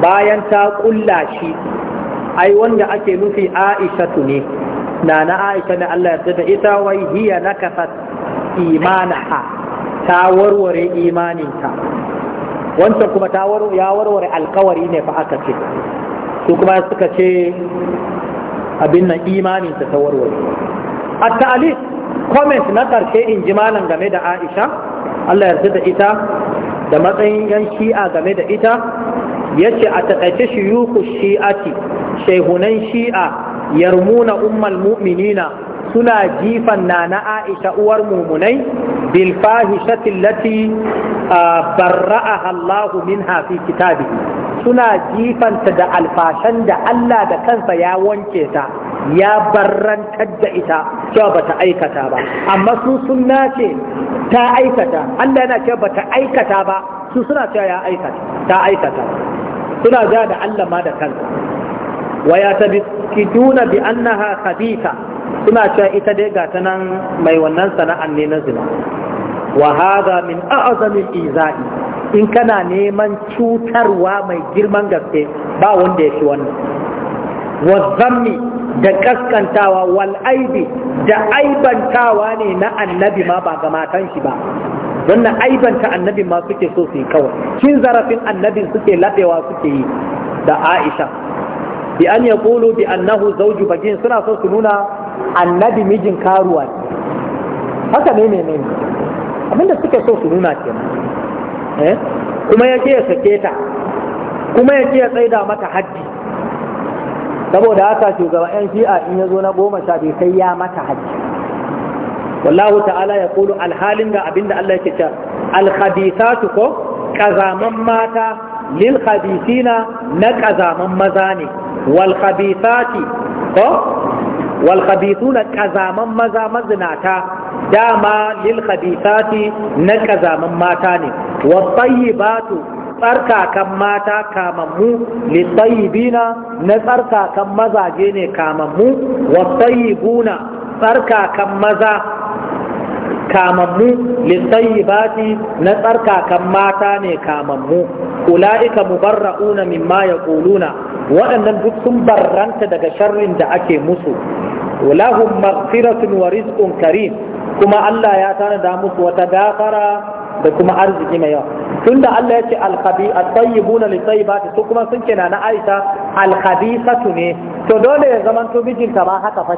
bayan ta kulla shi ai wanda ake nufi aishatu ne na na aisha ne Allah ya da ita wai hiya nakasat imanaha ta warware imaninta wancan kuma ta ya warware alkawari ne fa aka ce su kuma suka ce abin nan imaninta ta warware a ta'alif comment na karshe in ji malam game da aisha Allah yarda da ita da matsayin yan shi'a game da ita yace a taƙaice shiyuku shi'ati shehunan shi'a yarmuna ummal mu'minina suna jifan na na Aisha uwar mumunai bil fahishati Lati, barra'aha Allah minha fi Kitabi. suna jifanta da alfashan da Allah da kansa ya wanke ta ya barrantar da ita cewa bata aikata ba amma su sun ce ta aikata Allah yana cewa bata aikata ba su suna cewa ya aikata ta aikata suna ga da Allah ma da kansa wa ya tabkiduna bi annaha khabitha suna cewa ita dai ga ta nan mai wannan sana'an ne na zina wa hada min a'zami izai in kana neman cutarwa mai girman gaske ba wanda ya fi wannan wa zammi da kaskantawa wal aibi da aibantawa ne na annabi ma ba ga matan shi ba wannan aibanta annabi ma suke so su yi kawai cin zarafin annabi suke laɓewa suke yi da Aisha bi an Kulu bi annahu zauju bagin suna so su nuna annabi mijin karuwa haka ne ne ne abinda suke so su nuna kenan eh kuma yake ya sake ta kuma ya yake ya tsaida mata haddi saboda haka shugaban yan shi'a in ya zo na goma sha biyu sai ya mata hajji wallahu ta'ala ya kulu alhalin da abinda Allah yake cewa alkhabithatu ko kazaman mata lil na kazaman maza ne wal ko wal khabithuna kazaman maza mazinata dama lil na kazaman mata ne wat tayyibatu tsarkakan mata kamammu littayibina na tsarkakan mazaje ne kamammu tsarka tsarkakan maza kamammu littayibati na tsarkakan mata ne kamammu ula'ika mubarra'una mimma yaquluna waɗannan duk sun barranta daga sharrin da ake musu lahum maghfiratun wa rizqun karim kuma Allah ya da musu wata gafara da kuma arziki mai yawa Tun da Allah ya ce alqabi at-tayyibuna lit-tayyibati to kuma sun kenan na Aisha al-khabithatu ne to dole ya zaman to mijinta ba haka fa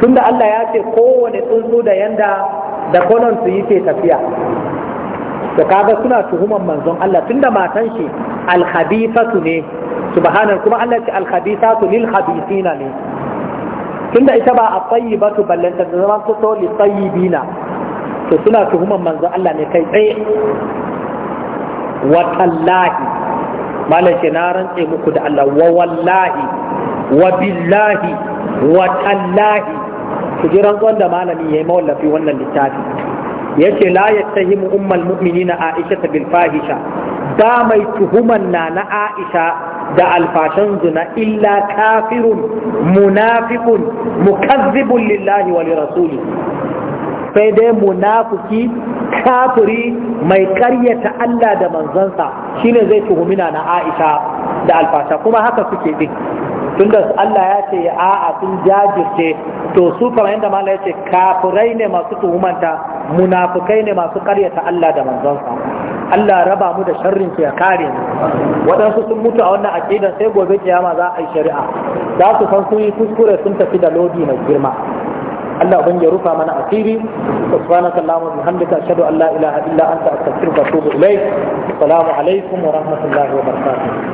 Tun da Allah ya ce kowane tsuntsu da yanda da kolon su yi yake tafiya to kaga suna tuhuman manzon Allah tunda matan shi al-khabithatu ne subhanan kuma Allah ya ce al-khabithatu lil-khabithina ne da ita ba a tsayyibatu ballanta da zaman to li bina. to suna tuhumar manzon Allah ne kai tsaye wa tallahi malam na rantse muku da Allah wa wallahi wa billahi wa tallahi ku ji rantsuwan da malami yayi mawallafi wannan littafi yace la yattahimu ummul mu'minina Aisha bil fahisha ba mai tuhuman na na Aisha da alfashan zina illa kafirun munafiqun mukazzibun lillahi wa rasuli sai dai munafuki kafiri mai karyata Allah da manzansa shine zai tuhumina na Aisha da alfasha kuma haka suke din tunda Allah ya ce ya a'a sun jajirce to su kamar yadda mala ya ce kafirai ne masu tuhumanta munafukai ne masu karyata Allah da manzansa Allah raba mu da sharrin ya kare mu waɗansu sun mutu a wannan aqidan sai gobe kiyama za a yi shari'a za su san sun yi kuskure sun tafi da lodi mai girma Allah ubangi ya rufa mana asiri subhanaka allahumma wa bihamdika ashhadu an la ilaha illa anta astaghfiruka wa atubu ilaik assalamu alaikum wa rahmatullahi wa barakatuh